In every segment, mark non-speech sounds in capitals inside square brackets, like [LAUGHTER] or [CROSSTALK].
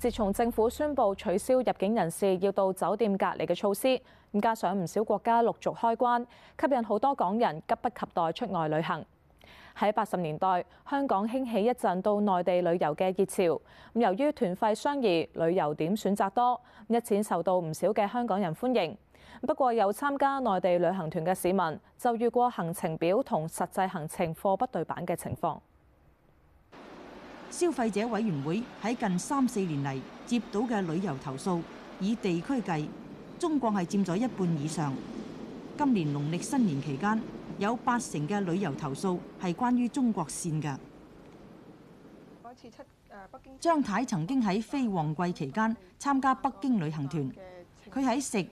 自從政府宣布取消入境人士要到酒店隔離嘅措施，加上唔少國家陸續開關，吸引好多港人急不及待出外旅行。喺八十年代，香港興起一陣到內地旅遊嘅熱潮，由於團費相宜、旅遊點選擇多，一直受到唔少嘅香港人歡迎。不過有參加內地旅行團嘅市民就遇過行程表同實際行程貨不對版嘅情況。消費者委員會喺近三四年嚟接到嘅旅遊投訴，以地區計，中國係佔咗一半以上。今年農曆新年期間，有八成嘅旅遊投訴係關於中國線嘅。北京張太曾經喺非旺季期間參加北京旅行團。佢喺食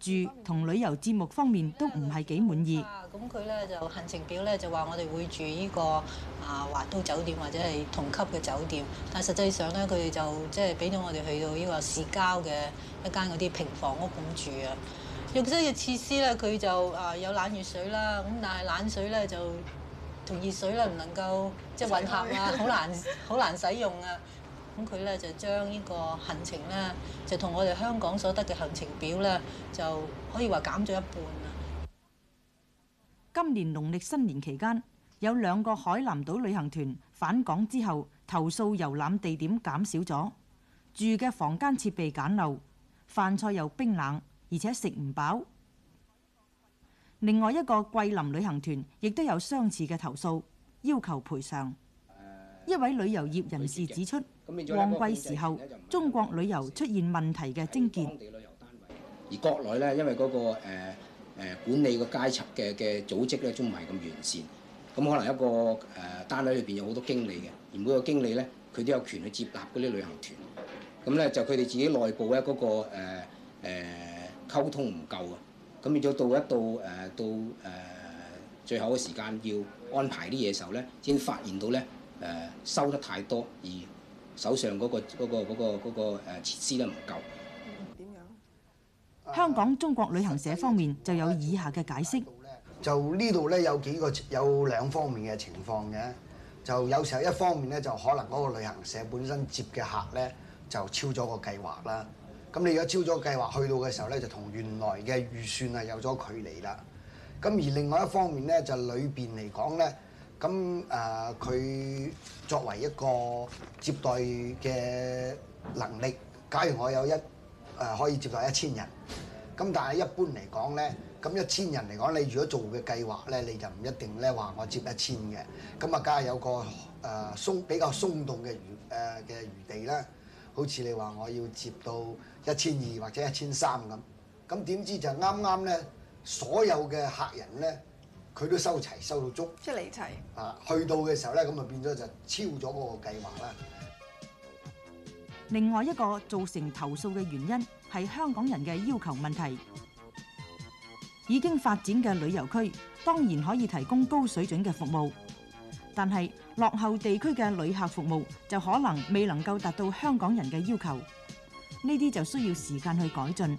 住同旅遊節目方面都唔係幾滿意。啊，咁佢咧就行程表咧就話我哋會住呢個啊華都酒店或者係同級嘅酒店，但實際上咧佢哋就即係俾到我哋去到呢個市郊嘅一間嗰啲平房屋咁住啊。浴室嘅設施咧佢就啊有冷熱水啦，咁但係冷水咧就同熱水咧唔能夠即係混合啊，好難好 [LAUGHS] 難使用啊。咁佢咧就將呢個行程咧，就同我哋香港所得嘅行程表咧，就可以話減咗一半啦。今年農曆新年期間，有兩個海南島旅行團返港之後，投訴遊覽地點減少咗，住嘅房間設備簡陋，飯菜又冰冷，而且食唔飽。另外一個桂林旅行團亦都有相似嘅投訴，要求賠償。一位旅遊業人士指出，旺季時候中國旅遊出現問題嘅症結。而國內咧，因為嗰個誒管理嘅階層嘅嘅組織咧，都唔係咁完善。咁可能一個誒單位裏邊有好多經理嘅，而每個經理咧，佢都有權去接納嗰啲旅行團。咁咧就佢哋自己內部咧嗰個誒誒溝通唔夠啊。咁變咗到一到誒到誒最後嘅時間要安排啲嘢時候咧，先發現到咧。誒收得太多，而手上嗰個嗰個嗰個嗰個誒設施咧唔夠。點樣？香港中國旅行社方面就有以下嘅解釋。啊、就呢度咧有幾個有兩方面嘅情況嘅。就有時候一方面咧就可能嗰個旅行社本身接嘅客咧就超咗個計劃啦。咁你如果超咗計劃去到嘅時候咧就同原來嘅預算係有咗距離啦。咁而另外一方面咧就裏邊嚟講咧。咁誒，佢、呃、作為一個接待嘅能力，假如我有一誒、呃、可以接待一千人，咁但係一般嚟講呢，咁一千人嚟講，你如果做嘅計劃呢，你就唔一定呢話我接一千嘅，咁啊，梗係有個誒鬆比較鬆動嘅餘誒嘅餘地啦。好似你話我要接到一千二或者一千三咁，咁點知就啱啱呢，所有嘅客人呢。佢都收齊，收到足出嚟齊啊！去到嘅時候咧，咁就變咗就超咗我個計劃啦。另外一個造成投訴嘅原因係香港人嘅要求問題。已經發展嘅旅遊區當然可以提供高水準嘅服務，但係落後地區嘅旅客服務就可能未能夠達到香港人嘅要求。呢啲就需要時間去改進。